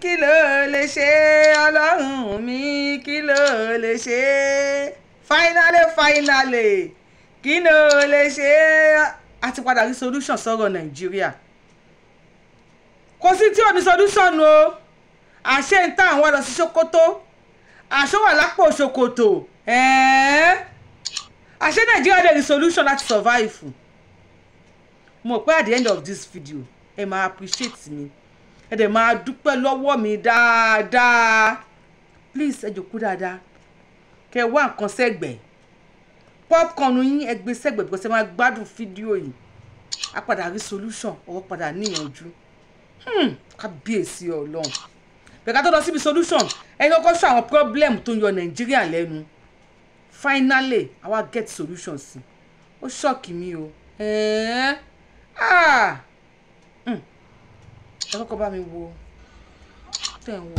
kí ló lè ṣe ọlọ́run mi kí ló lè ṣe finally finally kí ló lè ṣe a ti padà rí solution sọ̀rọ̀ nàìjíríà kò sí tí ò ní solution o àṣẹ ń tà àwọn lọ sí ṣòkòtò àṣọ wà lápò ṣòkòtò àṣẹ nàìjíríà lè rí solution láti survive mo pé at the end of this video ẹ máa appreciate me ẹ dẹ̀ máa dúpẹ́ lọ́wọ́ mi dáadáa please ẹ jòkó dáadáa kẹ wá nǹkan sẹ́gbẹ̀ẹ́ popcorn yín ẹ gbé sẹ́gbẹ̀ẹ́ because ẹ máa gbádùn fídíò yìí a padà rí solution ọwọ́ padà níyànjú hmm, kábíyèsí ọlọ́run bẹ̀ka tó lọ síbi solution ẹ kọ́kọ́ sọ àwọn problem tó ń yọ nàìjíríà lẹ́nu finally àwa get solution sí ó ṣọ́ọ̀kì mi o ẹ̀ẹ́n ah ẹ kọ́kọ́ bá mi wo tẹ̀ ń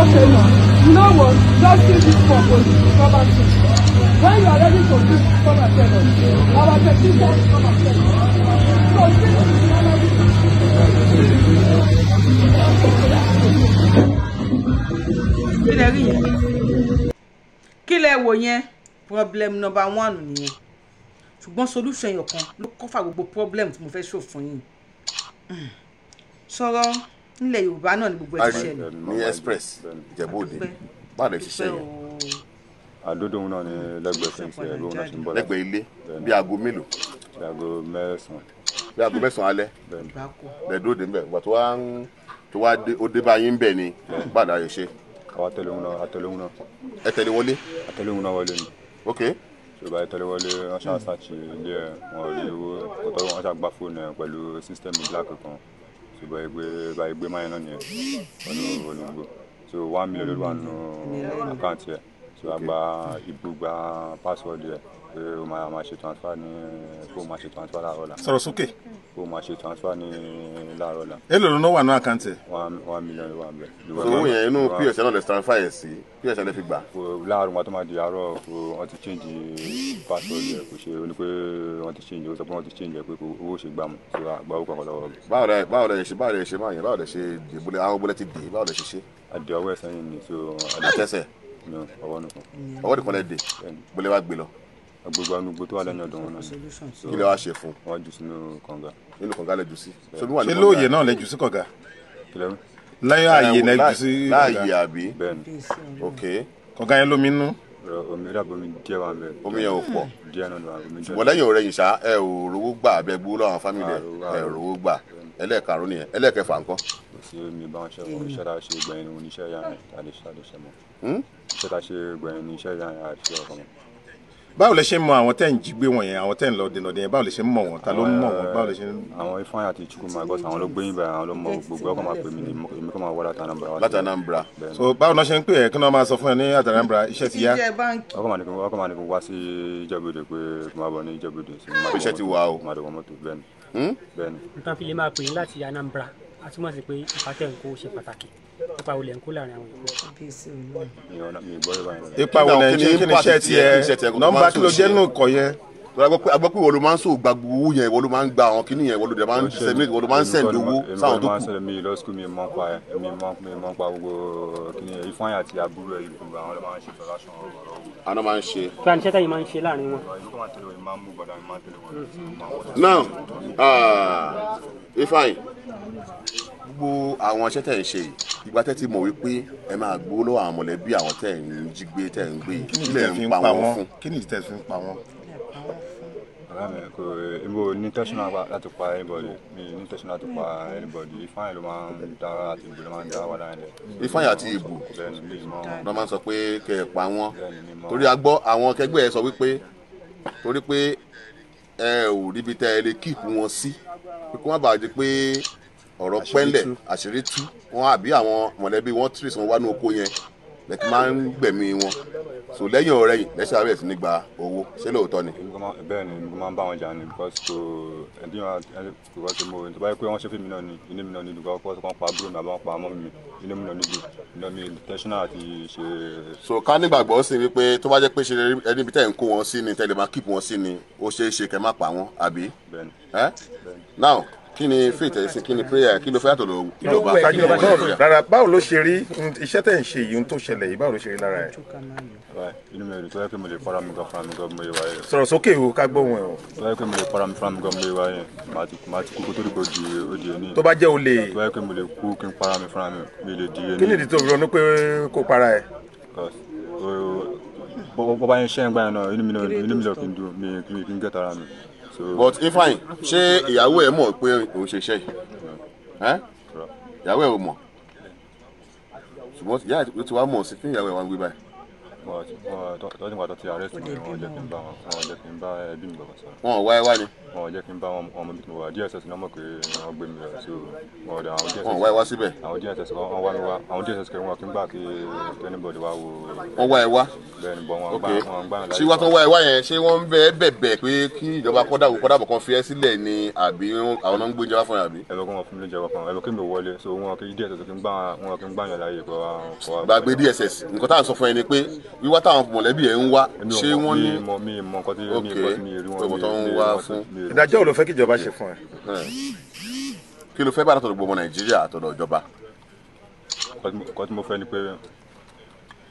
Okay, now, you know what? Just give this for Jesus, come and save us. Our Jesus, come and save us. Lord Jesus, come and save us. kí lẹ rí yẹn kí lẹ wò yẹn problem number one nìyẹn ṣùgbọ́n solution yẹn kan ló kọ́fà gbogbo problem tí mo fẹ́ ṣò fún sọ̀rọ̀ nílẹ̀ yorùbá náà ni gbogbo ẹ̀ ti ṣẹlẹ̀ ní express ìjẹ̀bú òde báà lè ṣiṣẹ́ yẹn àdódòun náà ni hmm. lẹ́gbẹ̀ẹ́ fẹ́ǹsì ẹ̀ lóun náà ti ń bọ̀ lẹ́gbẹ̀ẹ́ ilé bí aago mélòó. bí aago mẹ́sàn-án. bí aago mẹ́sàn-án alẹ́. bẹ́ẹ̀ dóde ń bẹ̀ wà tó wá ń tó wá ó dé bá yín bẹ̀ ni bàdà yóò ṣe. àwa tẹ̀lé òun náà a tẹ̀lé òun náà. ẹ tẹ̀lé wọlé. a tẹ̀lé òun náà wọlé ni. ok. ṣùgbọ́n a tẹ̀lé wọlé wọ́n ṣáà ṣàṣì ilé ẹ̀ wọ́n rí owó ọ̀tọ́ wọn ṣáà gbá fóònù ẹ̀ pẹ̀lú sísítẹ́ẹ̀mù black kan ṣùgbọ́n ẹgbẹ́ bá ẹgbẹ́ máyẹ̀ náà nìyẹn wọ́n ló ń gbó so one million ló tí wàá gba ìbúgba password rẹ̀ pé o máa máa ṣe transfer ní kó o máa ṣe transfer láàárọ̀ la. sọ̀rọ̀ sókè. kó o máa ṣe transfer ní láàárọ̀ la. èlò ló náà wà ní àkáǹtì. one million wà bẹ̀. owó yẹn inú pos náà lè transfer yẹn sí pos náà lè fi gbà. láàárọ̀ wọn tó máa di àárọ̀ wọn ti change password rẹ̀ kò ṣe oní pé wọn ti change o sọ pé wọn ti change rẹ̀ pé owó ṣe gbà mú sí wa gba owó kankan lọ́wọ́ rẹ̀. báwo lẹ ọwọ́ nìkan ọwọ́ nìkan lẹ́dẹ̀ gbọ́lẹ́ wá gbé lọ. gbogbo anugbó tó wà lẹ́nu ọ̀dọ̀ wọn náà kí lè wá ṣe fún. wọ́n jù sínú kànga. nínú kànga lẹ́jù sí. ṣé lóòyè náà lẹ́jù sí kànga. láyé ààyè lẹ́jù sí kànga. láàyè àbí ok. kànga yẹn lómi nú. omi dàbọ̀ omi díẹ̀ wà bẹ́ẹ̀. omi yẹn ò pọ̀ díẹ̀ náà wà omi díẹ̀. bọ̀dá yẹn ò rẹyìn sá ẹ ò rówó gbà bẹ gbó lọ́wọ́ fámìlì ẹ rówó gbà ẹlẹ́ẹ̀karùn-ún nìyẹn ẹlẹ́ẹ̀kẹfà ńkọ́. kò sí omi bá ṣe wọn iṣẹ́ dáa ṣe gbẹ̀yìn oníṣẹ́ yàrá àdéṣe àdéṣe mọ́ ṣé ká ṣe gbẹ̀yìn ní iṣẹ́ yára àti ọkọ mi. báwo lẹ ṣe mọ àwọn tẹ́ ń jí gbé wọn yẹn àwọn tẹ́ ń lọ dènà dènà báwo lẹ ṣe mọ wọn ta ló mọ wọn báwo lẹ ṣe. àwọn ifeanyi àti chukwuma gọ́sà àwọn ló gbé yín báyìí àwọn ló mọ gbogbo ọkọ̀ máa pè mí ní èmi kọ́ máa wá láti Anambra. láti Anambra so báwo náà ṣe ń pè ẹ́ kí wọ́n máa sọ fún ẹ ní àti Anambra iṣẹ́ ti yá. ọkọ̀ máa ní kó wá sí Ìjẹ̀bú-Òde pé máa bọ̀ ní Ìjẹ̀bú-Òde sí hmm? nǹkan fi ṣe pàtàkì ipa wo lẹ ń kó láàrin àwọn èèyàn. ipa wo lẹ ní kí ni iṣẹ́ tiẹ̀ nọ́mbà kí ló jẹ́ nínú ìkọ̀ yẹn. agbọ́ pé wọ́n ló máa ń sọ gba owó yẹn wọ́n ló máa ń gba àwọn kìnìún yẹn wọ́n ló máa ń disseminate wọ́n ló máa ń send owó sáwọn tó kù. mi lọ sukùl mi mọ pa ẹ mi mọ pa gbogbo kìnìún yẹn ifeanyi àti àbúrò ẹ ìlú àwọn ló máa ń ṣe fọlá sọ ọ̀rọ̀ gbogbo àwọn iṣẹ́ tẹ̀ ń ṣe yìí ìgbà tẹ́ ti mọ̀ wípé ẹ máa gbowó lọ́wọ́ àwọn mọ̀lẹ́bí àwọn tẹ̀ ń jí gbé tẹ̀ ń gbé yìí ń pa wọ́n fún. kí ni ìtẹ̀ fi ń pa wọ́n. ibo ní tẹ́sán láti pa anybody mi ní tẹ́sán láti pa anybody Ifeanyi ló máa ń da àti ìbò ló máa ń da wà láyé lẹ̀. Ifeanyi àti ìbò ló máa ń sọ pé kẹ́ ẹ̀ pa wọ́n torí a gbọ́ àwọn akẹgbẹ́ ẹ sọ wípé torí pé ẹ ò ríbi tẹ́ ẹ lè kíìpù wọn sí kí wọ́n bàa di pé ọ̀rọ̀ pẹ́ńlẹ̀ àṣírí tú wọn àbí àwọn mọ̀lẹ́bí wọn tírì sanwó wánú oko yẹn lẹ́kí máa ń gbẹ̀mí wọn so lẹ́yìn ọ̀rẹ́ yìí lẹ́sẹ̀ abẹ́rẹ́ sí ní gba owó ṣé lóòótọ́ ni. bẹ́ẹ̀ ni mo máa ń bá wọn jà ni because kò ẹni kò wá sí mo ní tó bá yẹ pé wọ́n ṣe fún mi náà ni inú mi náà ni dùgbà ọkọ̀ kan pa àbúrò mi àbá wọn pa mọ́ mi inú mi náà ni dùn iná mi intentional àti ṣe. so ká nígbàgbọ́ sí wípé tó bá jẹ́ pé ṣe ẹni bí tẹ̀ ń kó wọn sí ni tẹ̀lé máa keep wọn sí ni ó ṣeé ṣe kẹ́ má pa wọn àbí. bẹ́ẹ̀ ni. now kí ni faith ẹ̀sìn kí ni prayer kí ló fẹ́ àtọ̀dọ̀ kí ló bá kí ló bá ṣe rárá báwo ló ṣe rí iṣẹ́ tẹ̀ ń ṣe yìí tó ṣẹlẹ̀ yìí báwo ló ṣe rí lára ẹ̀. inú mi ò tó yẹ kí mo lè fara mi gan fara mi gan mo yẹ wáyé. sọ̀rọ̀ sókè o ká gbóhùn ẹ̀ o. tó yẹ kí mo lè fara mi fara mi gan mo yẹ wáyé màá ti kú kó tó dìbò di òdi òní. tó bá jẹ́ o lè. tó yẹ kí mo lè kú kí n fara mi fara mi mi lè di òní. Oh, oh, náà inú mi lọ kí n dùn mi kí n gẹ́tara mi but ifeanyi ṣé ìyàwó ẹ mọ̀ pé òun ṣe iṣẹ́ yìí ìyàwó ẹ ò mọ̀ ṣùgbọ́n ìyá ẹ ti wá mọ̀ sí fún ìyàwó ẹ wá ń gbé báyìí tọ́jú pàtó ti arrest mi wọn jẹ́ kí n bá wọn wọn jẹ́ kí n bá ẹbí mi bàbá sọ̀rọ̀. wọn ò wá ẹ wá ni. wọn ò jẹ́ kí n bá wọn ọmọ bí mo wà DSS náà mọ̀ pé wọ́n gbé mi rẹ̀ so wọn ò dá àwọn DSS. wọn ò wá ẹ wá síbẹ̀. àwọn DSS wọn wá mi wá àwọn DSS kẹrin wọn kí n gbà kí anybody wá wo. wọn wá ẹ wá. bẹ́ẹ̀ni bọ wọn gbà wọn gbà mí láyé. ṣé wọn tó wá ẹ wá yẹn ṣé wọn bẹ bẹ̀bẹ̀ pé kí wíwá táwọn mọ̀lẹ́bí ẹ̀ ń wá ṣé wọ́n ní ok tòbò tó ń wá fún. ìdájọ́ wo ló fẹ́ kí ìjọba ṣe fún ẹ. kí ló fẹ́ bá látọ̀dọ̀ gbogbo nàìjíríà àtọ̀dọ̀ ìjọba. kọ́ tí mo fẹ́ ni pé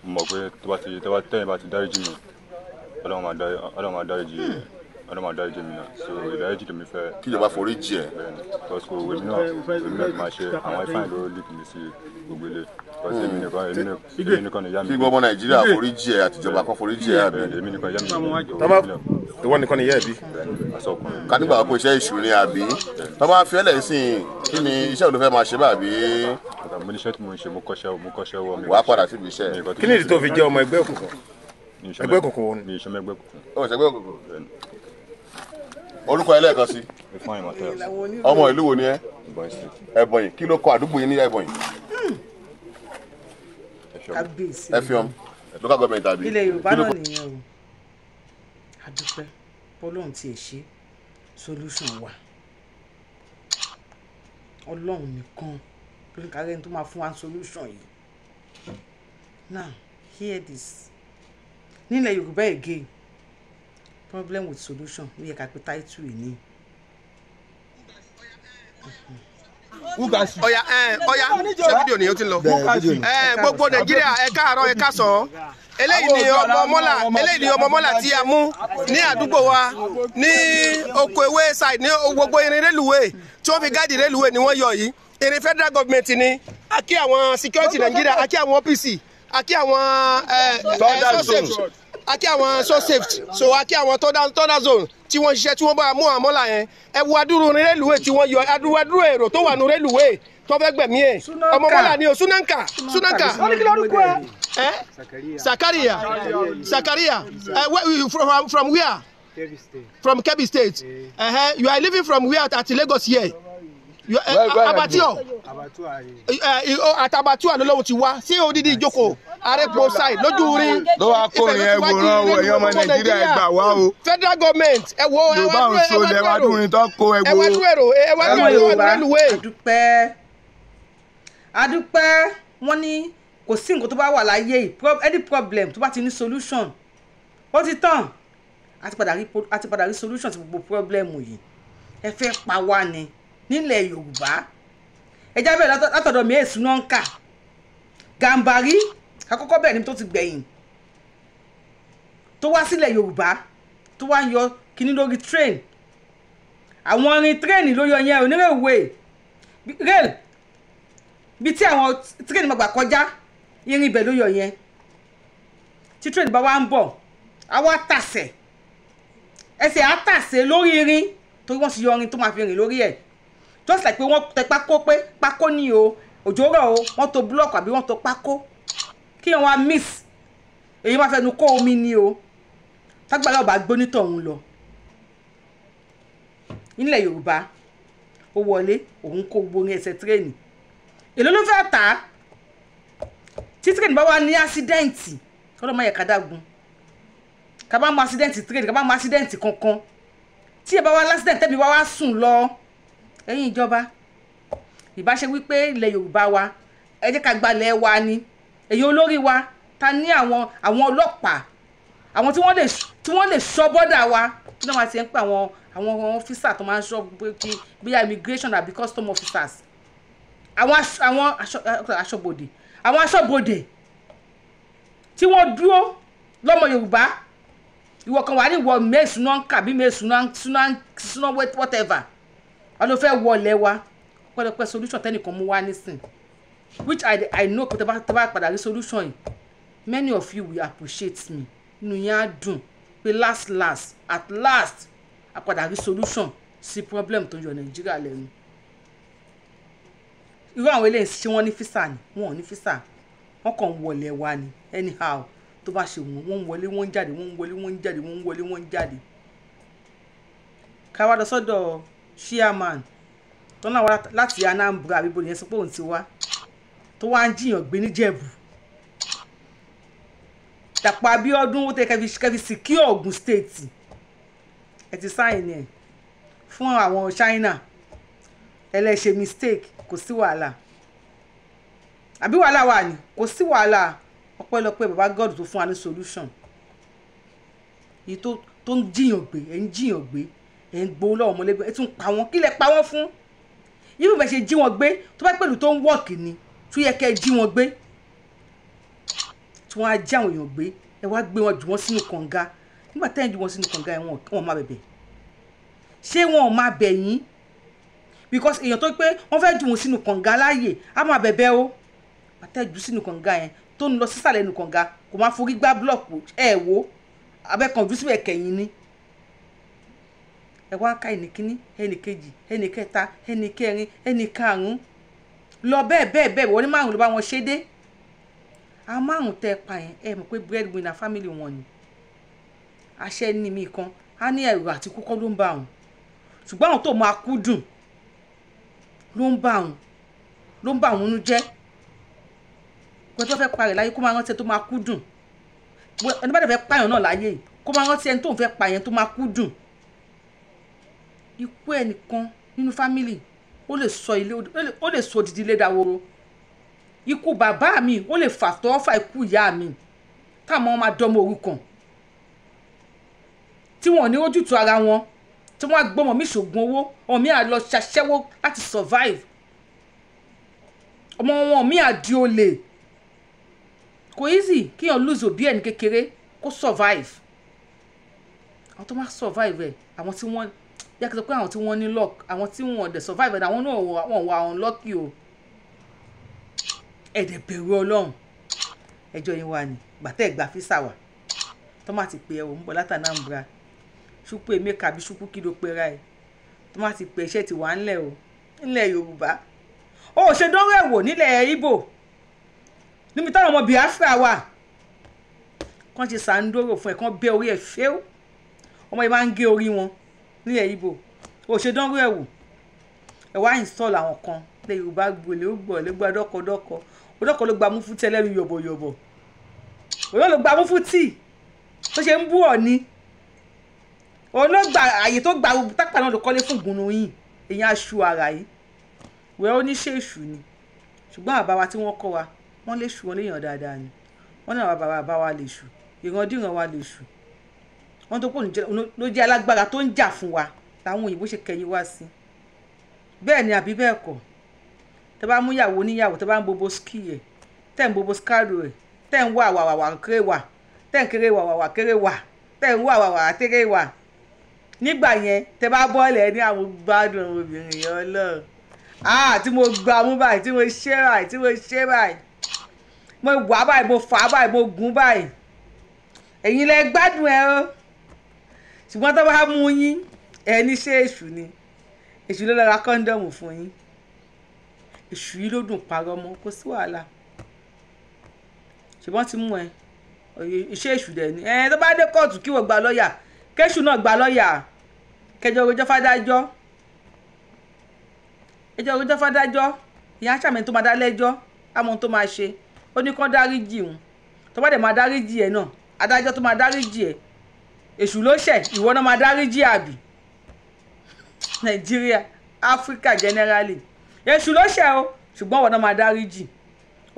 mo mọ̀ pé tó bá ti tẹ́yìn bá ti dáríjì mi ọlọ́run máa dáríjì mi. Hmm ọlọ́mọ adájú jẹ́ mi náà so ìdáríjì lèmi fẹ́. kí ìjọba forí jì ẹ́. bẹ́ẹ̀ni pọsikò èmi náà èmi náà máa ṣe àwọn ifá ìlú líkì mi sí gbogbo ilé pọsikò èmi nìkan èmi nìkan ni ìyá mi. kí gbogbo nàìjíríà forí jì ẹ́ àtijọba kan forí jì ẹ́ àbí. èmi nìkan ìyá mi. tọ́ba ìwọ nìkan ni ìyá ẹ̀ bí. kanígbà kó iṣẹ́ ìṣù ni àbí tọ́ba fiẹ́lẹ̀ sìn kí ni iṣẹ́ òdo máa ṣe bàbí. mo níṣẹ́ tí mo ń ṣe mo kọ́ṣẹ́ mo kọ́ṣẹ́ wọ mi. wàá padà síbi iṣẹ́. kí ni ìdí tó fi jẹ́ ọmọ ẹgbẹ́ òkùnkùn ẹgbẹ́ òkùnkùn orúkọ ẹ lẹ́ẹ̀kan sí. ọmọ ìlú wo ni ẹ. ẹ̀bọ̀nyì kí ló kọ àdúgbò yín ní ẹ̀bọ̀nyì. ẹfiọm local government àbí. ilẹ̀ yorùbá náà nìyẹn o adúpẹ́ bọ́lọ́run ti ẹ̀ ṣe solution wa ọlọ́run nìkan ló ń kárẹ́ni tó máa fún wa solution yìí now hear this nílẹ̀ yorùbá again problem with solution ló yẹ ká pé title yìí ni. ọ̀yà ọ̀yà eh, ṣé fídíò nìyẹn ti lọ eh, gbogbo nàìjíríà ẹ káàárọ̀ ẹ káàsán eléyìí ni ọmọ mọ́là eléyìí ni ọmọ mọ́là tí a mú ní àdúgbò wa ní oko ewé side ní gbogbo irin rélùwé tí wọ́n fi gáàdì rélùwé ni wọ́n yọ yìí irin federal government ni a kí àwọn security nàìjíríà a kí àwọn OPC a kí àwọn ẹ ẹ sọ́sẹ̀mù a àwọn so safe so a kí àwọn tọ́dá zone tí wọ́n ṣiṣẹ́ tí wọ́n bá mú àwọn mọ́là yẹn ẹ wo adúrú rélùwé tí wọ́n yọ adúrú adúrú èrò tó wà nù rélùwé tó fẹ́ gbẹ̀mí ẹ̀ ọmọ mọ́là ni o sunanka sunanka ẹ sakaria sakaria ẹ from where from Kebbi State uh -huh. you are living from where at Lagos here. Abattoir Abattoir ló lóun ti wá sí odidi ìjókòó arepo side lójú rí ìfẹ̀lẹ́ síwájú nínú ọmọ Nàìjíríà federal government ẹ wo ẹwà ẹwà ẹrò ẹwà ẹrò ẹwà rélùwé. adúpẹ́ adúpẹ́ wọ́n ní kò sí nǹkan tó bá wà láyé any problem tó bá ti ní solution ó ti tán àti padà rí solution sí gbogbo problem yìí ẹ fẹ́ pa wá ni nílẹ̀ yorùbá ẹja bẹ́ẹ̀ látọ̀dọ̀ mi èsù náà ń kà gàǹbarí àkọ́kọ́ bẹ́ẹ̀ ni tó ti gbẹ̀yìn tó wá sílẹ̀ yorùbá tó wá ń yọ kíní lórí train àwọn orin tírẹ́ẹ̀nì ló yọ yẹn onírèwé rail bíi tí àwọn tírẹ́ẹ̀nì máa gbà kọjá irin ibẹ̀ ló yọ yẹn tí tírẹ́ẹ̀nì bá wá ń bọ̀ á wá tàsẹ̀ ẹsẹ̀ á tàsẹ̀ lórí irin torí wọ́n ti yọ irin tó máa fi rìn lórí ẹ̀ just like pé wọ́n tẹ pákó pé pákó ni o òjò rọ̀ o wọ́n to búlọ̀kù àbí wọ́n to pákó kí wọ́n wá miss èyí máa fẹnu kó omi ni o tágbàlá ọba gbóní tọ̀hún lọ nílẹ̀ yorùbá ó wọlé òun kó gbogbo orin ẹsẹ̀ tírẹ́ẹ̀nì èló ló fẹ́ tà á tí tírẹ́ẹ̀nì bá wà ní ásídẹ́ǹtì kọ́dọ̀ má yẹ ká dágun ká bá mọ ásídẹ́ǹtì tírẹ́ẹ̀nì ká bá mọ ásídẹ́ǹtì kankan tí ẹ bá wà lásìdẹ́ǹtì tẹ́mi wá wá sùn lọ ẹ̀yin ìjọba ìbá ṣe wípé ilẹ̀ yorùbá wa ẹ jẹ́ ká gbalẹ̀ wa ni èyí olórí wa ta ní àwọn àwọn ọlọ́pàá àwọn tí wọ́n lè tí wọ́n lè ṣọ́ bọ́dà wa kí náà wá ti ń pè àwọn àwọn ọ́fíìsà tó máa ń ṣọ́ bí bí immigration àbí custom officers àwọn àwọn aṣọ́bodè àwọn aṣọ́bodè tí wọ́n dúró lọ́mọ yorùbá ìwọ kan wà ní ìwọ mẹ́sùn náà ń kà bí mẹ́sùn náà ń sùn náà whatever wọn ló fẹ́ wọlé wa pẹ́lẹ́pẹ́ solution tẹ́nìkan mú wá nísìn which i i know pé tẹ́ bá padà rí solution yìí many of you will appreciate me inú yẹn á dùn pé last last at last a padà rí solution sí problem tó ń yọ nàìjíríà lẹ́nu irú àwọn eléyìí ṣé wọ́n ní físà ni wọ́n ò ní físà wọ́n kàn ń wọlé wa ni anyhow tó bá ṣe wọ́n wọ́n ń wọlé wọ́n ń jáde wọ́n ń wọlé wọ́n ń jáde wọ́n ń wọlé wọ́n ń jáde ká lọ sọ́dọ̀ chairman tọ́nà wá láti Anambra àbíbo nìyẹn sọ pé òun ti wá tó wá ń jiyàn gbé níjẹ̀bù Dàpọ̀ Abíọ́dún ó tẹ kẹfì secure Ogun State ẹ ti sáyìn ẹ fún àwọn China ẹlẹ́ṣẹ̀ mistake kò sí wàhálà àbí wàhálà wà ní kò sí wàhálà ọpẹ́lọpẹ́ baba God tó fún wa ní solution èyí tó ń jiyàn gbé ẹ̀ ń jiyàn gbé ẹ̀ ń gbowó lọ́wọ́ ọmọlẹ́gbẹ́ ẹ̀ tún pa wọ́n kí lẹ pa wọ́n fún yíyí bẹ̀ ṣe jí wọn gbé tó bá pẹ̀lú tó ń wọ̀ọ̀kì ni tó yẹ kẹ́ ẹ jí wọn gbé tí wọ́n á já àwọn èèyàn gbé ẹ wá gbé wọn jù wọ́n sínú kànga nígbà tẹ́yìn jù wọ́n sínú kànga ẹ̀ wọ́n máa bẹ̀bẹ̀ ṣé wọn ò bẹ̀ yín because èèyàn tó pé wọ́n fẹ́ jù wọ́n sínú kànga láàyè á máa bẹ̀bẹ̀ o àtẹ̀jù sínú kànga yẹn tó ń lọ sísàlẹ̀ nù kànga kò máa forí gbá búlọ̀kù ẹ̀ wò abẹ́kànjú síbẹ̀ kẹ̀yìn ni ẹ wá ka ẹnì kíní ẹnì kejì ẹnì kẹta ẹnì kẹrin ẹnì karùn-ún lọ bẹ́ẹ̀ bẹ́ẹ̀ bẹ́ẹ̀ wọ́n ní márùn-ún ló bá wọn ṣe dé a márùn tẹ́ pa yẹn ẹ mọ̀ pé bread winner family wọn ni aṣẹ́ ní mi kan á ní ẹ̀rù àti kúkọ́ ló ń bá wọn ṣùgbọ́n àwọn tó máa kú dùn ló ń bá wọn ló ń bá wọn jẹ́ pé tó parẹ̀ láyé kó máa rántí ẹni tó máa kú dùn ẹni bá dẹ̀ fẹ́ pààyàn náà láyé kó máa rántí ẹni tó ń fẹ́ pààyàn tó máa kú dùn ikú ẹnìkan nínú fámìlì ó lè sọ ilé ó lè sọ odidi ilé dahoro ikú bàbá mi ó lè fàtọ́fà ikú ìyá mi táwọn máa dánmọ orúkọ tí wọn ò ní ojútùú ara wọn tí wọn á gbọmọ mi ṣògùn owó ọmọ mi à lọ ṣaṣẹ́wó láti survive ọmọ wọn mi à di olè kò easy kéèyàn lose òbí ẹni kékeré kó survive àwọn tó máa survive ẹ àwọn tí wọ́n jẹ́ kí n sọ pé àwọn tí wọ́n ní luck àwọn tí wọ́n dẹ̀ survive ẹ̀dá àwọn náà wọ́n wà unlucky o ẹ̀dẹ̀ bẹ̀rù ọlọ́run ẹjọ́ yín wà ní gbàtẹ́ ẹ̀gbà físà wà tó má ti pè ẹ̀ òun bọ̀ láti Anambra ṣùpọ̀ emeka àbí ṣùpọ̀ kí ló pera ẹ̀ tó má ti pè iṣẹ́ ti wà ńlẹ̀ o ńlẹ̀ Yorùbá ó ṣe dánwò ẹ̀wò nílẹ̀ Ìgbò níbi táwọn ọmọ Biafra wà kàn ṣe sàǹdóró fún ẹ̀ kàn bẹ́ orí ẹ̀ fẹ́ ọmọ yìí máa ń gé orí wọn nílẹ̀ Ìgbò òṣèdánwò ẹ̀ wò ẹ̀ wá install àwọn kan lẹ́ Yorùbá gbòòlè ó gbọ̀ ló gba dọ́kọdọ́kọ òdọ́kọ ló gba múfútì ẹlẹ́nu yọ̀bọ̀yọ̀bọ̀ òdọ́ ló gba múfútì tó ṣe ń bú ọ̀ ni òun ló gba àyè tó gba tápà náà ló kọ́lé fún ìgbónú yìí èèyàn aṣọ ara yìí wẹ́ẹ́ oníṣẹ́ èṣù ni ṣùgbọ́n àbá wa tí wọ́n kọ́ wa wọ́n lè ṣù wọ́n léèyàn dáadáa ni wọ́n náà bàbá wa lè ṣù ìrandíran wa lè ṣù wọ́n tó pọ̀ ló jẹ́ alágbára tó ń jà fún wa làwọn òyìnbó ṣe kẹ̀yìn wá sí bẹ́ẹ̀ ni àbí bẹ́ẹ̀ kọ́ tẹ bá mú ìyàwó níyàwó tẹ bá ń bobo ski ẹ̀ tẹ̀ ń bobo skaro ẹ̀ tẹ̀ ń wá àwàwàwà kéré wà tẹ̀ ń kéré wàwàwà kéré wà tẹ̀ ń wá àwàwàwà kéré wà nígbà yẹn tẹ bá bọ́ọ̀lù ẹ̀ ní àwọn gbádùn obìnrin yẹn ọlọ́run ah tí mo gba mú báyìí tí mo ṣe báyìí tí mo ṣe báyìí mo wà báyìí mo fà báyìí mo gùn báyìí ẹ̀yin lẹ gbádùn ẹ o ṣùgbọ́n tó bá mú yín ẹni ṣe èṣù ni èṣù ló lọ́ra kọ́ńdọ̀mù fún yín èṣù yìí ló dùn parọ́ mọ́ kò sí wàhálà ṣùgbọ́n ti mú ẹ iṣẹ́ èṣù dẹ̀ ni ẹ tó bá dé kóòtù kí wọ́n gba lọ́ọ̀yà kẹ́ṣù náà gba lọ́ọ̀yà kẹjọ rojọ́ fádájọ́ ẹjọ́ rojọ́ fádájọ́ ìyá sàmì tó máa dá lẹ́jọ́ àmọ́ tó máa ṣe ó ní kán dáríjì òun tó bá dẹ̀ máa dáríjì ẹ̀ náà adájọ́ tó máa dáríjì ẹ̀ èṣù ló ṣẹ̀ ìwọ náà máa dáríjì àbí nàìjíríà áfíríkà generally èṣù ló ṣẹ̀ o ṣùgbọ́n ìwọ náà máa dáríjì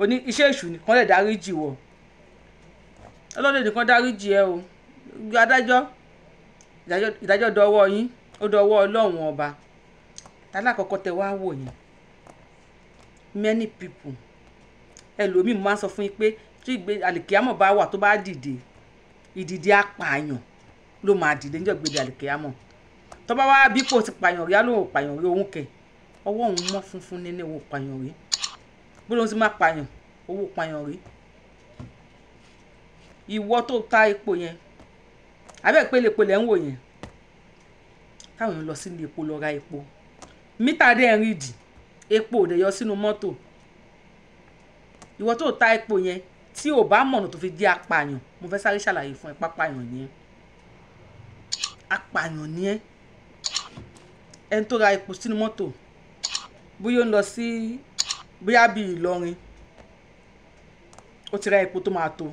oní iṣẹ́ èṣù nìkan lè dáríjì wọ ọlọ́dẹ nìkan dáríjì ẹ o adájọ́ ìdájọ́ dọwọ́ yín ó dọwọ́ ọlọ́run ọba alákọ̀ọ́kọ́ tẹ wá wò yẹn many people ẹlòmíì máa ń sọ fún yín pé tí ìgbé àlìkíyàmọ̀ bá wà tó bá dìde ìdìde apààyàn ló máa dìde níjọ́ gbèdé àlìkèyàmọ̀ tó bá wá bípò ti pààyàn rí alóhùn pààyàn rí òun kẹ̀ ọwọ́ òun mọ́ funfun nínú owó pààyàn rí bó ló ti máa pààyàn owó pààyàn rí ìwọ tó ta epo yẹn abẹ́ ìpele epo lẹ́ ń wò yẹn táwọn èèyàn lọ sínú epo lọ ra epo mítà dẹ́rìn dì epo ò dẹ̀ yọ sínú mọ́tò ìwọ tó ta epo yẹn tí ò bá mọ̀nà tó fi jẹ́ apààyàn mo fẹ́ sáré ṣàlàyé fún ẹ pápáyàn yẹn apààyàn ni ẹ́ ẹni tó ra epo sínú mọ́tò bóyá ó ń lọ sí bóyá bíi Ìlọrin ó ti ra epo tó máa tó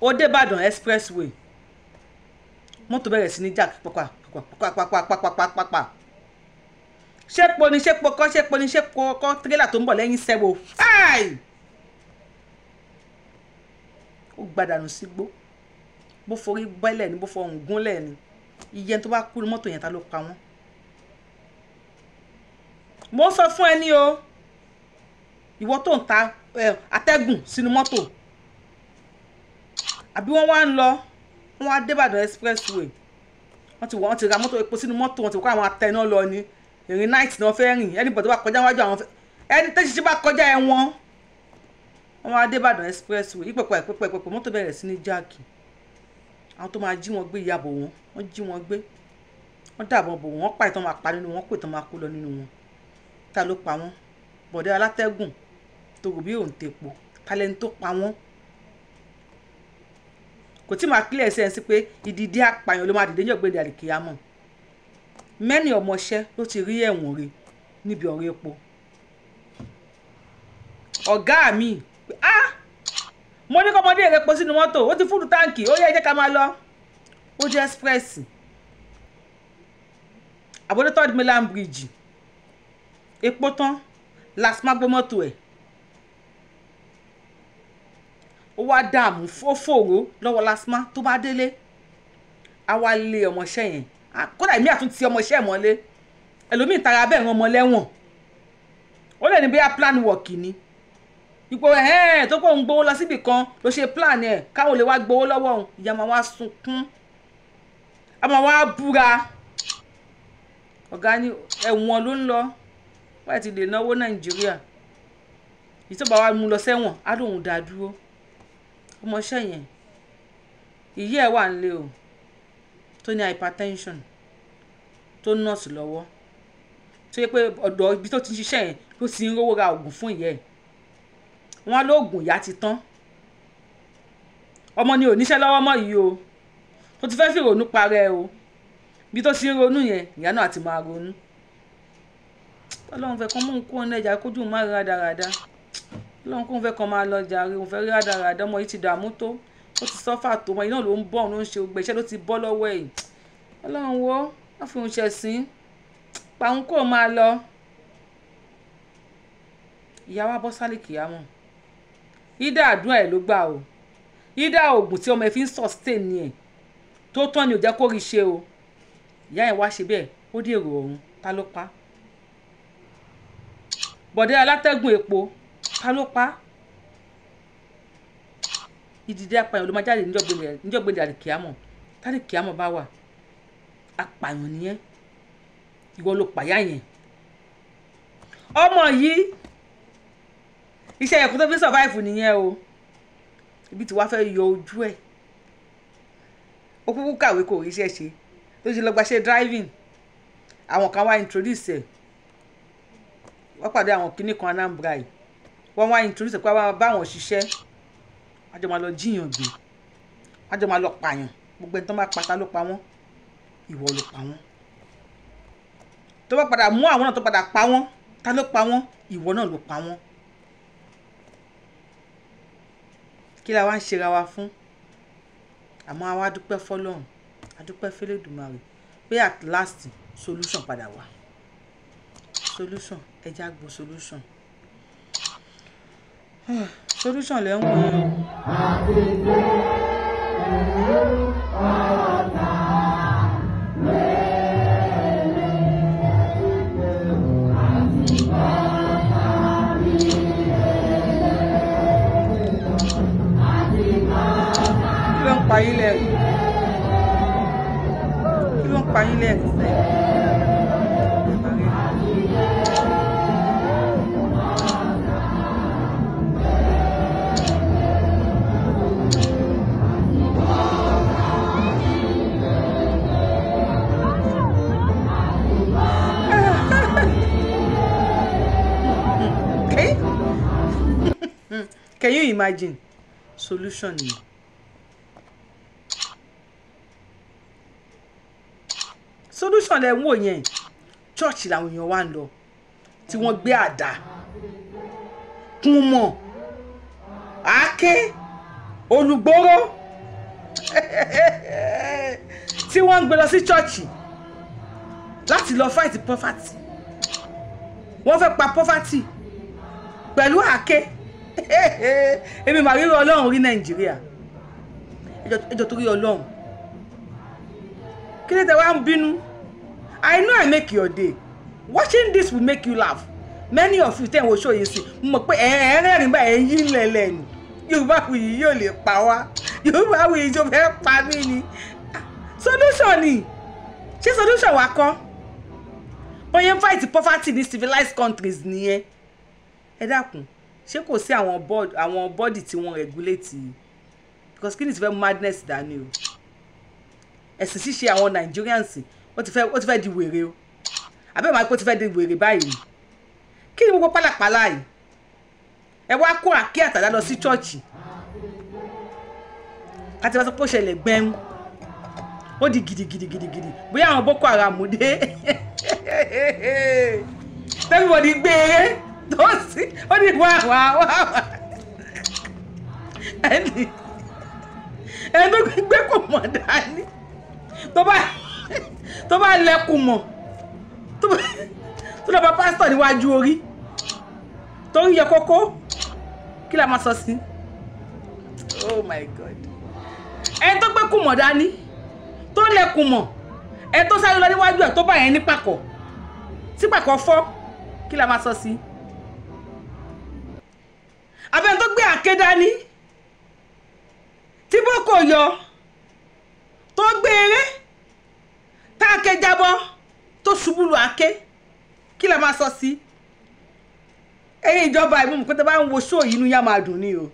ó dé Ìbàdàn expressway mọ́tò bẹ̀rẹ̀ sí ní jà pàpàpàpàpàpàpàpàpà ṣépo ni ṣépo kọ́ ṣépo ni ṣépo kọ́ tírélà tó ń bọ̀ lẹ́yìn sẹ́wọ̀ fáì ó gbàdànù sígbó. Si bó forí bẹ́lẹ̀ ni bó fọhùn gúnlẹ̀ ni iye tó bá kú mọ́tò yẹn ta ló pa wọ́n. mo sọ fún ẹ ní o ìwọ tó ń ta atẹ́gùn sínú mọ́tò àbí wọ́n wá ń lọ wọ́n wá débàdàn expressway wọ́n ti wọ́n ti ra mọ́tò epo sínú mọ́tò wọ́n ti kó àwọn atẹná lọ ni ìrìn night náà fẹ́ rìn anybody tó bá kọjá wájú àwọn ẹni tẹ́sí ṣe bá kọjá ẹ wọ́n wọ́n wá débàdàn expressway ìpẹ̀pẹ̀ ìpẹ̀pẹ̀ mọ́tò bẹ̀rẹ̀ sí ní jáàkì àwọn tó máa jí wọn gbé ya bò wọn wọn jí wọn gbé wọn dàbọn bò wọn wọn pa ìtàn máa pa nínú wọn pè tán máa kó lọ nínú wọn ta ló pa wọn bọ̀dẹ́ alátẹ́gùn tòrò bí òun tèpo kálẹ̀ ní tó pa wọn kò tí máa clear ẹsẹ̀ sí pé ìdìdí apààyàn ló máa dìde ní ọ̀gbẹ́ni àlìkèyàmọ̀ mẹ́ni ọmọọṣẹ́ ló ti rí ẹ̀wọ̀n rẹ̀ níbi ọ̀rọ̀ epo ọ̀gá mi ah mo ní kọ́mọdé rẹ̀ po sínú mọ́tò ó ti fúdù táǹkì ó yẹ ẹ jẹ́ ká máa lọ ó jẹ́ express àbúrò third milan bridge epo tán lasma gbé mọ́tò ẹ̀ ó wá dààmú ó fòró lọ́wọ́ lasma tó bá délé á wá lé ọmọọṣẹ́ yẹn kódà èmi àtúntì ọmọọṣẹ́ mọ́lé ẹlòmíì tara bẹ́ẹ̀ ran ọmọ lẹ́wọ̀n ó lè ní bí a plan work ni ipò ẹ̀ tó pọ̀ ń gbowó lọ síbì kan ló ṣe plan ẹ̀ káwọn lè wá gbowó lọ́wọ́ òun ìyá máa wá sunkún a máa wá búra ọ̀gá ni ẹ̀wọ̀n ló ń lọ wáyé ti lè náwó nàìjíríà ìtọ́ba wa mú lọ sẹ́wọ̀n á lóun dá dúró ọmọọṣẹ́ yẹn ìyá ẹ̀ wà nílé o tó ní hypertension tó nọ́ọ̀sì lọ́wọ́ tó yẹ pé ọ̀dọ̀ ibi tó ti ń ṣiṣẹ́ yẹn ló ti ń rówó ra oògùn fún ìyá wọ́n lóògùn ìyá ti tán ọmọ ni oníṣẹ́ lọ́wọ́ mọ́ yìí o tó ti fẹ́ fi ronú parẹ́ o bí tó ti ń ronú yẹn ìyá náà ti máa ronú ọlọ́run fẹ́ kàn mú un kú ọ̀nà ẹ̀já kójú má rí rádaràda ọlọ́run kóun fẹ́ kàn máa lọ jàre òun fẹ́ rí rádaràda ọmọ yìí ti dààmú tó ó ti sọ́fà tó ọmọ yìí náà ló ń bọ̀ ló ń ṣe gbogbo iṣẹ́ ló ti bọ́ lọ́wọ́ ẹ̀ ọlọ́run wo wọ́n fi òun ṣẹ̀ sí pàun kó máa lọ ìyá wa bọ́ sálì kìámọ̀ ida àdúrà ẹ̀ ló gbà o ìdá oògùn tí ọmọ ẹ fi ń sustain ni ẹ̀ tó tán ni ò jẹ́ kó rí ṣe o ìyá ẹ̀ wá ṣe bẹ́ẹ̀ ó dèrò ọ̀run ta ló pa bọ̀dẹ́ alátẹ́gùn epo ta ló pa ìdìdí apààyàn ló máa jáde níjọ́gbẹ́ni àdìkíámọ̀ tádìkíámọ̀ bá wà apààyàn nìyẹn ìwọ ló pàyà yẹn ọmọ yìí iṣẹ́ ẹ̀kú tó fi ń survive nìyẹn o ibi tí wàá fẹ́ yọ ojú ẹ̀ ó kúkú kàwé kò rí iṣẹ́ ṣe tó ṣe lọ́gbà ṣe driving àwọn kan wá introduce ẹ̀ wọ́n pàdé àwọn kinní kan Anambra yìí wọ́n wá introduce ẹ̀ pé wọ́n bá wọn ṣiṣẹ́ wọ́n jọ máa lọ jíyàn gbé wọ́n jọ máa lọ pààyàn gbogbo ẹni tó bá pata ló pa wọ́n ìwọ ló pa wọ́n tó bá padà mú àwọn náà tó padà pa wọ́n ta ló pa wọ́n ìwọ náà ló pa wọ́n kí la wá ń ṣera wa fún àmọ́ àwa dúpẹ́ fọlọ́run adúpẹ́ fẹlẹ́dùmarè pé at last solution padà wá solution ẹja gbo solution solution lẹ́wọ̀n pa yín lẹ́rù kí ló ń Can you imagine? Solution yìí. solution lẹ ń wò yẹn church làwọn èèyàn wá ń lọ tí wọ́n gbé àdá kún mọ́ àáké olùgbóró tí wọ́n ń gbé lọ sí church láti lọ fight poverty wọ́n fẹ́ pa poverty pẹ̀lú àáké èmi màá ríro ọlọ́run rí nàìjíríà ẹjọ́ torí ọlọ́run kí ló dé wá ń bínú I know I make your day watching this will make you laugh many of you then will show you see. pé ẹ̀ẹ́n rẹ́rìn bá ẹ̀ẹ́n yí lẹ̀lẹ̀ ni Yorùbá wuyì yóò lè pa wá Yorùbá wuyì tó fẹ́ pa mí ni solution ni ṣé solution wa kọ́ oyè fight poverty in civilized countries nìyẹn E dákun ṣé kò sí àwọn board àwọn body tí wọ́n regulate because kí ni ti fẹ́ madness dání o ẹ̀sìn ṣíṣe àwọn Nigerians ó ti fẹ́ ó ti fẹ́ di wèrè o àbẹ́ màá pé ó ti fẹ́ di wèrè báyìí kí ni gbogbo pálapàla yìí ẹ wá kó àkí àtàdá lọ sí chọ́ọ̀chì àti wàá sọ pé ó ṣẹlẹ̀ gbẹ́rún ó di gidigidigidigidi bóyá àwọn boko haram dé everybody gbé e tó sí ó ní wá wá wá wá ẹni ẹni tó gbé kò mọ̀ dání tó bá tó bá lẹ́kùn mọ̀ tó lọ bá pásítọ̀ níwájú orí torí yọ kókó kí la máa sọ sí oh my god ẹni tó gbé kùmọ̀ dání tó lẹ́kùn mọ̀ ẹni tó sáré lọ níwájú ẹ̀ tó bá yẹn ní pàkọ́ tí pàkọ́ fọ́ kí la máa sọ sí abẹ́ni tó gbé àké dání tí boko yọ tó gbé eré tá a ké jábọ́ tó lu àké kí la máa sọ sí ẹ̀yin ìjọba ìmú kó tẹ bá ń wo ṣó yìí inú yá máa dùn ni o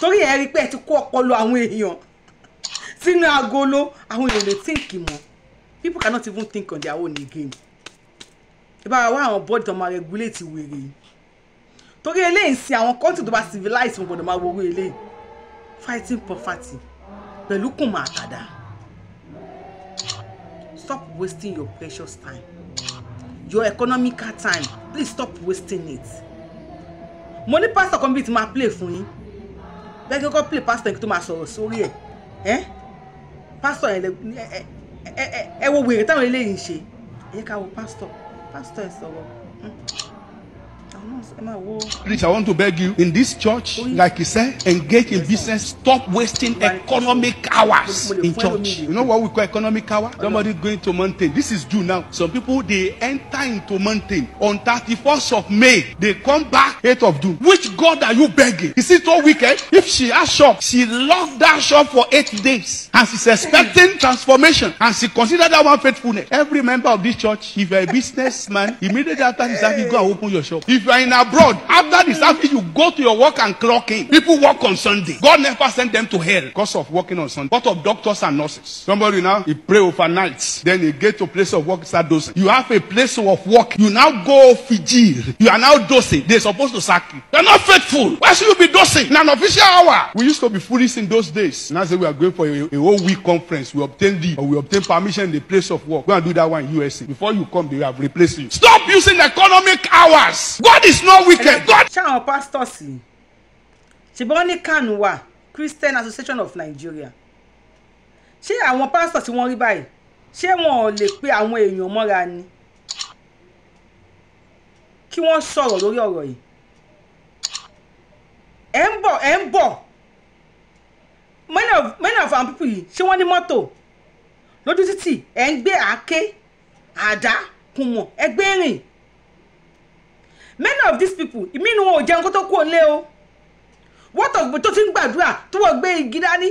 torí ẹ rí i ti kó ọpọlọ àwọn èèyàn sínú agolo àwọn èèyàn lè tíǹkì mọ́ people cannot even think on their own again ìbára wa àwọn bọ́ọ̀dì tó máa regulate wèrè yìí torí eléyìí sin àwọn kọ́ńtì tó civilize wọn gbọ́dọ̀ máa wo owó eléyìí fighting poverty pẹ̀lú kùmà àtàdá stop wasting your precious time your economical time please stop wasting it mo ní pastor kan bíi ti máa play fún yín bẹ́ẹ̀ kí n kọ́ play pastor kí n tó máa sọ̀rọ̀ sórí ẹ̀ pastor yẹn ẹ wo wèrè táwọn eléyìí ń ṣe ẹ yẹ ká wo pastor pastor ẹ sọ̀rọ̀. Please, I want to beg you in this church, like he said, engage in business. Stop wasting economic hours in church. You know what we call economic hour? Somebody going to mountain. This is due now. Some people they enter into mountain on 31st of May. They come back 8th of June. Which God are you begging? Is it all weekend? If she has shop, she locked that shop for eight days, and she's expecting transformation, and she considered that one faithfulness. Every member of this church, if you're a businessman, immediately after this, you go and open your shop. If you're in a abroad, after the service, you go to your work and clock in. People work on Sunday. God never sent them to hell because of working on Sunday. What of doctors and nurses? Somebody now, he pray overnight. Then he get to place of work, start dosing. You have a place of work. You now go Fiji. You are now dosing. They supposed to sack you. You're not faithful. Why should you be dosing? In an official hour. We used to be foolish in those days. Now say we are going for a, a whole week conference. We obtain the, or we obtain permission in the place of work. Go and do that one in USA. Before you come, they have replaced you. Stop using economic hours. God is is not wicked. ṣé àwọn pastor. yìí ṣùgbọ́n ní kánú Christian Association of Nigeria ṣé àwọn pásítọ̀ tí wọ́n rí báyìí ṣé wọn ò lè pe àwọn èèyàn mọ́ra ni kí wọ́n sọ̀rọ̀ lórí ọ̀rọ̀ yìí ẹ̀ ń bọ̀ ẹ̀ ń bọ̀ many of our people yìí ṣé wọ́n ní mọ́tò lójú títì ẹ̀ ń gbé àáké àdá kùmọ̀ ẹ rìn many of these people ìmí inú wọn ò jẹun kó tó kú òǹlé o wọ́n tọ̀ gbé tó ti ń gbàdúrà tó wọ́n gbé igi dání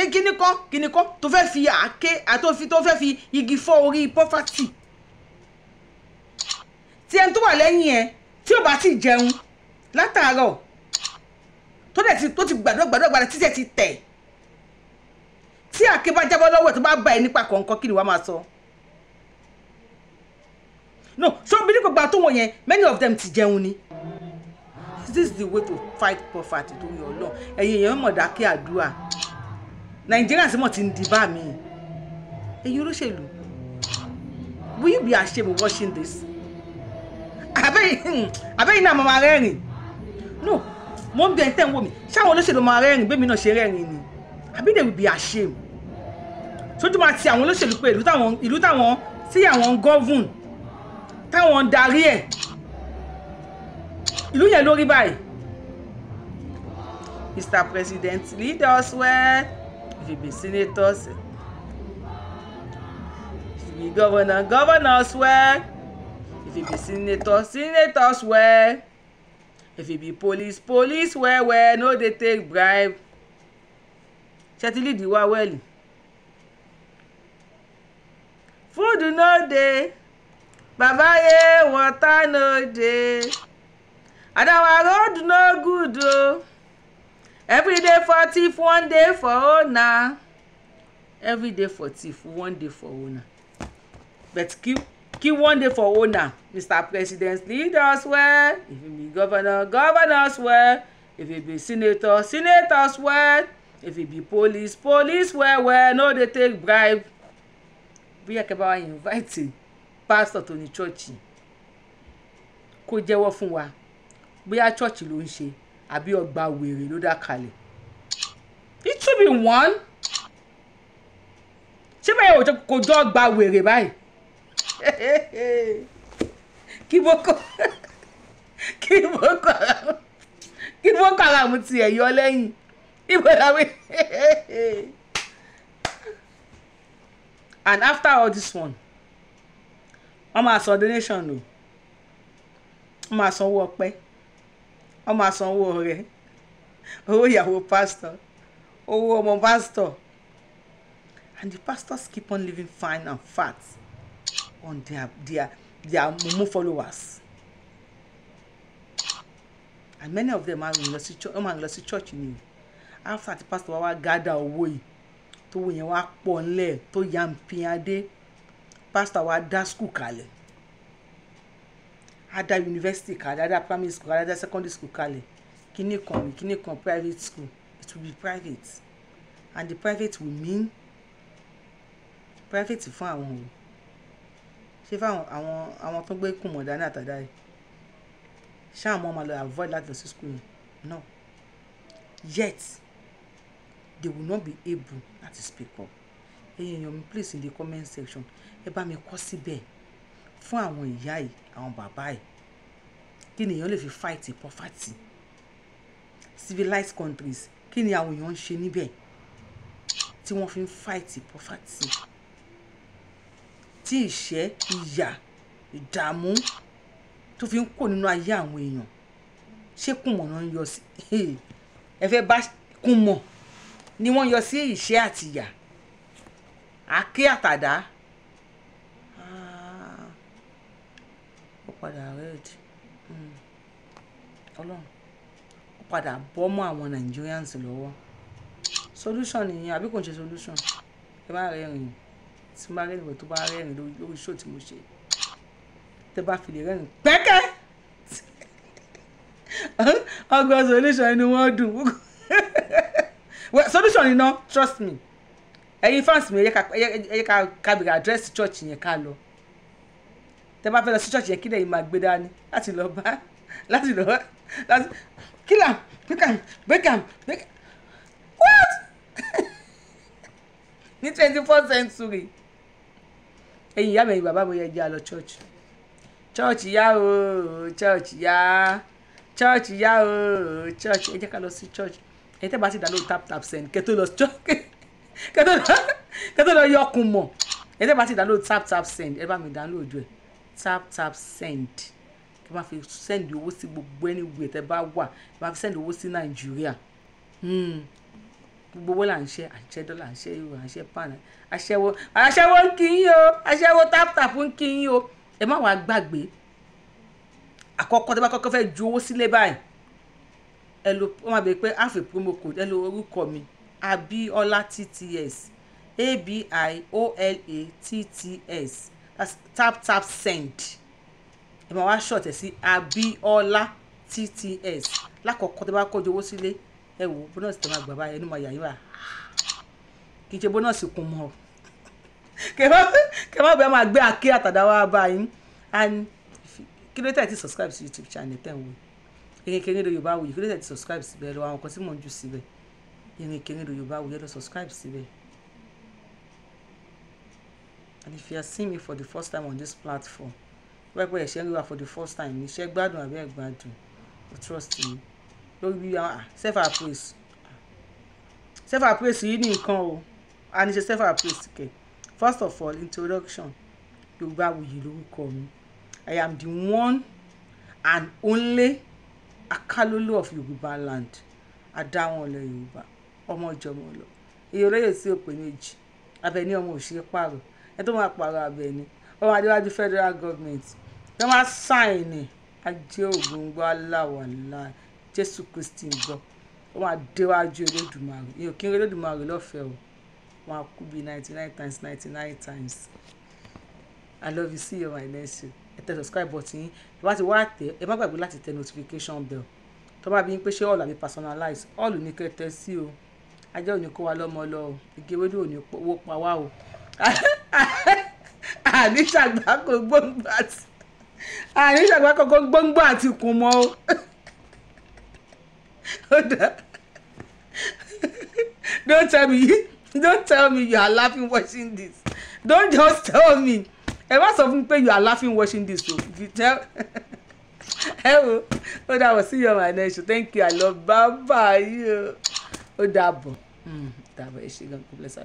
ẹ kíní kan kíní kan tó fẹ́ fi àáké àtòfi tó fẹ́ fi igi fọ́ orí pọ́fàtì tí ẹni tó wà lẹ́yìn ẹ tí ò bá ti jẹun látàárọ̀ tó dẹ̀ ti tó ti gbàdúrà gbàdúrà gbàdúrà títẹ̀ ti tẹ̀ tí àáké bá jábọ́ lọ́wọ́ tó bá bá ẹ nípa kọ̀ọ̀kan kí ni wàá máa sọ. So no ṣọ́ọ̀bù ní gbogbo àtúwọ̀n yẹn many of them ti jẹun ni this is the way to fight poverty tó yọ lọ ẹ̀yin èèyàn mọ̀ dákẹ́ àdúrà nàìjíríà sì mọ̀ ti ń di bá mi ẹ̀yin olóṣèlú will you be ashamed of watching this àbẹ́yìn hmm, náà mo máa rẹ́rìn no mo ń bí ẹni tẹ́ ń wò mí ṣáwọn olóṣèlú máa rẹ́rìn bẹ́ẹ̀ mi náà ṣe rẹ́rìn ni àbí they will be ashamed sójú máa ti àwọn olóṣèlú pé ìlú táwọn ìlú táwọn tí àwọn ń govern táwọn ń darí ẹ̀ ìlú yẹn lórí báyìí Mr. President leaders us well if you be senators if you be governor governors us well if you be senator senators well if you be police police well well no dey take bribe ṣètìlídìí wá wẹ́ẹ̀lì food no dey baba ye water no dey and our road no good o everyday for thief one day for owner everyday for thief one day for owner but keep keep one day for owner mr president lead us well if you be governor govern us well if you be senator senate us well if you be police police well well no dey take bribe bí akẹ́bà wa invite Pastor tó ní chọ́ọ̀chì kó jẹ́wọ́ fún wa bóyá chọ́ọ̀chì ló ń ṣe àbí ọgbà wèrè ló dá kalẹ̀ it should be one ṣé bẹ́ẹ̀ ò kò jọ ọgbà wèrè báyìí kí boko kí boko kí boko haram tiẹ̀ yọ lẹ́yìn ibo and after all this one wọ́n máa san donation nù wọ́n máa san owó ọpẹ́ wọ́n máa san owó ọrẹ owó ìyàwó pásítọ̀ owó ọmọ pastor. and the pastors keep on living fine and fat on their their their mumu followers and many of them are in lọ sí church ọmọ àwọn lọ sí church ni after the pastor wa wá gather owó yìí tó wọ yẹn wá pọ̀ ńlẹ̀ tó yà ń adé. Pastor, wa dá school kalẹ̀ á dá university, kalẹ̀ á dá primary school kalẹ̀ á dá secondary school kalẹ̀ kíní kan ní kíní kan private school it will be private and the private will mean private fún àwọn òun ṣé fáwọn àwọn àwọn tó gbé kùmọ̀ dání àtàdá yìí ṣé àwọn ọmọ lọ avoid láti lọ sí school yẹn no yet they will not be able to speak up ẹ̀yin èèyàn mi please in the comment section ẹ bá mi kọ síbẹ̀ fún àwọn ìyá yìí àwọn bàbá yìí kí ni èèyàn lè fi fight poverty civilized countries kí ni àwọn èèyàn ń ṣe níbẹ̀ tí wọ́n fi ń fight poverty tí ìṣẹ́ ìyà ìdààmú tó fi ń kó nínú ayé àwọn èèyàn ṣé kùmọ̀ náà ń yọ sí ẹ fẹ́ bá kùmọ̀ ni wọ́n yọ sí ìṣẹ́ àti àáké àtàdá ah. ó padà red hmm. ọlọ́run ó padà bọ́ mọ́ àwọn Nigerians lọ́wọ́ solution nìyẹn àbí kò ń ṣe solution ẹ bá rẹ́rìn tí bá rẹ́rìn tó bá rẹ́rìn lórí show tí mo ṣe tẹ bá fi lè rẹ́rìn pẹ́kẹ́ ọgbọ́n solution ni wọ́n dùn solution ni trust me ẹ̀yin fans mi ẹ yẹ ká ká bèrè àdírẹ́sì church yẹn ká lọ tẹ bá fẹ́ lọ sí church yẹn kí lẹ́yìn máa gbé dání láti lọ bá láti lọ láti kill am break am break am break am what ní twenty four century ẹ̀yin ìyá mi ẹ̀yin bàbá mi yẹ jẹ́ àlọ́ church church yá o church yá church yá o church ẹ jẹ́ ká lọ sí church ẹ tẹ́ bá ti dá lórí tap tap send kẹ́ tó lọ sí church kẹ́tọ́ lọ yọkùn mọ̀ ẹ tẹ́ bá ti download tap tap send ẹ bá mi download ẹ tap tap send ẹ bá fi send owó sí gbogbo ẹni wù ẹ tẹ́ bá wà ẹ bá fi send owó sí nàìjíríà hmm. gbogbo owó là ń ṣe àṣẹ dọ́là àṣẹ euro àṣẹ pan aṣẹ́wó aṣẹ́wó ń kí o aṣẹ́wó tap tap ń kí yín o ẹ má wàá gbàgbé àkọ́kọ́ tó bá kọ́kọ́ fẹ́ ju owó sílé báyìí ẹ lo wọ́n máa bèèrè pé àfẹ́ promo code ẹ lo orúkọ mi abiolatits abiolatts taptapsend ẹ máa wá ṣọ̀tẹ̀ sí abiolatts lákọ̀ọ́kọ́ tó bá kọ́jú owó sílé ẹ wò bónọ́ọ̀sì tó máa gbà báyìí ẹnu máa yà yín wá kì í ṣe bónọ́ọ̀sì kún mọ́ kẹ má bẹ́ẹ̀ máa gbé àké àtàdáwà báyìí and kí ló tẹ̀ tí subscribe sí YouTube channel tẹ̀ wò kékeré lórí Yorùbá Wuyì kí ló tẹ̀ tí subscribe síbẹ̀ lọ àwọn kan tí mò ń jù síbẹ̀ ìrìn kẹrìndò Yorùbáwùyí ẹ lọ subscribe síbẹ̀. And if you are seeing me for the first time on this platform pẹ́pẹ́ ẹ̀ṣẹ́ rí wa for the first time ní ṣe gbádùn àbí ẹ̀gbádùn o trust me lórí bí ah, self place. self appraise yìí ní nǹkan o a ní ṣe self appraise first of all introduction Yorùbáwùyí lórúkọ mi I am the one and only Akalolo of Yorùbá land adáwọn ọlẹ Yorùbá ọmọ jọmọ lọ iye olóyè sí òpè méjì Àbẹ̀ní ọmọ òṣèré pààrọ̀ ẹ tó máa pààrọ̀ Àbẹ̀ní ọmọ adéwájú federal government ẹ máa sáìnì ajé ògùn gbọ́ aláwàlá Jésù Kristi ń gbọ́ ó máa déwájú Olódùmarè ìyẹn òkè Olódùmarè lọ́fẹ̀ẹ́ o wọn á kú bíi ninety nine times ninety nine times I love you see you my next show ẹ tẹ subscribe button yín tó bá ti wá tẹ ẹ má gbàgbé láti tẹ notification bell tó bá bí yín pé ṣé all àbí personalize all ní kẹtẹ sí o ajá ò ní kó wa lọ́mọ lọ o igi ewédú ò ní owó pa wá o àní ṣàgbákò gbòǹgbò àti àní ṣàgbákò gbòǹgbò àti kùn mọ́ o ó don't tell me don't tell me you are laughing watching this don't just tell me ẹ má sọ fún mi pé you are laughing watching this o if you tell. Hello. Well, I will see you on my next show. Thank you. I love. Bye bye. o Dabo. Dabo, ẹ ṣe gan kó bless